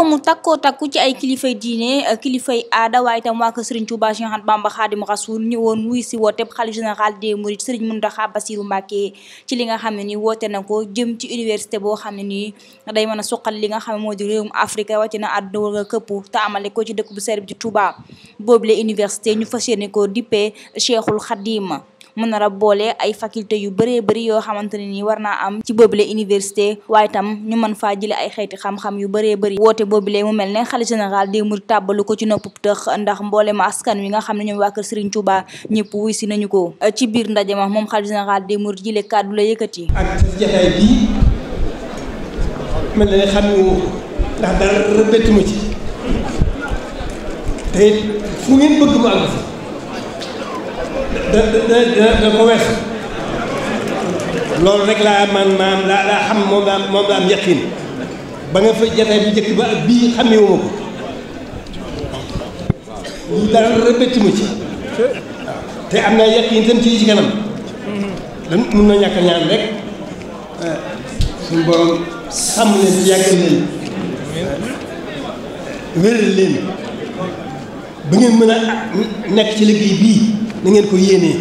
mbooloo mu takkoo takku ci ay kilifay diine euh, kilifay aada waaye itam waa kër Serigne Touba Cheikh Ahmadou Bamba Khadim woon muy wuy si woote xalif général des Mourides Serigne Mountakha Bassirou Mbacké ci li nga xam ne nii woote na ko jëm ci université boo xam ne nii day mën a suqal li nga xam ne moo di réewum Afrique rawatina àdduna war nga këpp te amale ko ci dëkk bu sell bi ci Touba boobule université ñu fas yéene ko dippee Cheikhul Khadim mu nar rab boole ay faculté yu bëree bëri yoo xamante ne nii war naa am ci boobule université waaye tam ñu mën faa jële ay xeeti xam-xam yu bëree bëri woote boobule mu mel ne xale général di mu tàbbalu ko ci noppub tëx ndax mboole ma askan wi nga xam ne ñoom waa kër Serigne Touba ñëpp wuy si nañu ko ci biir ndaje ma moom xale général di mu jile kàddu la yëkkati ak jaxee bi mel ne xam ndax dara bettu ma ci te fu ngeen da da da ko weesu loolu rek laa man maam laa laa xam moom laa moom laa am yaqin ba nga fa jataay bu njëkk ba bii xamewuma ko lii dara rëbbati ma ci te am naa yaqin tam ci ci kanam dan mun na ñàkk ñaan rek suñu borom sàmm leen ci yàggal leen wéral leen ba ngeen mën a nekk ci liggéey bii na ngeen ko yéenee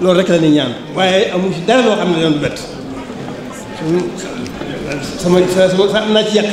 loolu rek la ni ñaan waaye amu ci dara loo xam ne doon bett sama sama am naa ci yàq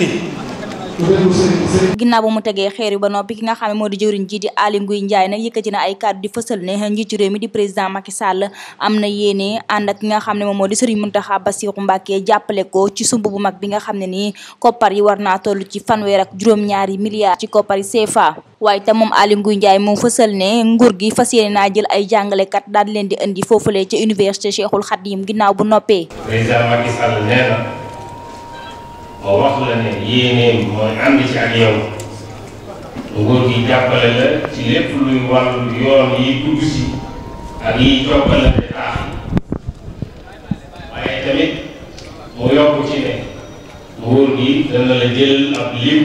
ginnaaw ba mu tegee xeer ba noppi ki nga xam ne moo di jëwriñ jii di Aly Ngouille Ndiaye nag yëkkati na ay kàddu di fësal ne njiitu réew mi di président Macky Sall am na yéene ànd ak ki nga xam ne moom moo di Serigne Mountakha Bassirou Mbacké jàppale ko ci sumb bu mag bi nga xam ne nii koppar yi war naa toll ci fanweer ak juróom-ñaari milliards ci koppar yi CFA waaye tam moom alinguy Ngouille moom fësal ne nguur gi fas yéene naa jël ay jàngalekat daal di leen di indi foofulee ca université Cheikhoul Khadim ginnaaw bu noppee moo wax la ne yéeneem mooy ànd ci ak yow nguur gi jàppale la ci lépp luy wàllu yoon yi dugg si ak yiy jokkalante taax yi waaye tamit mu yokk ci ne nguur gi dana la jël lim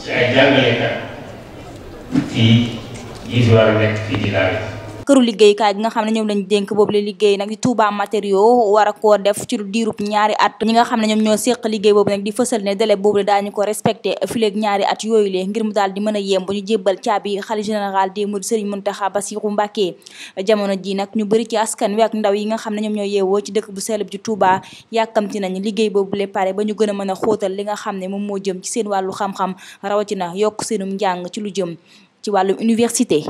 ci ay jàngalekat fii gis war a nekk fii di daal këru liggéeykaay gi nga xam ne ñoom lañ dénk boobu la liggéey nag di Touba matériaux war a koo def ci diirub ñaari at ñi nga xam ne ñoom ñoo séq liggéey boobu nag di fësal ne délai boobu la daañu ko respecté fileeg ñaari at yooyu lee ngir mu daal di mën a yem bu ñu jébbal caabi xalifa général des mourides Serigne Mountakha Bassirou Mbacké jamono ji nag ñu bëri ci askan wi ak ndaw yi nga xam ne ñoom ñoo yeewoo ci dëkk bu sell bi ci Touba yàkkamti nañ liggéey boobu le pare ba ñu gën a mën a xóotal li nga xam ne moom moo jëm ci seen wàllu xam-xam rawatina yokk seenum njàng ci lu jëm ci wàllum université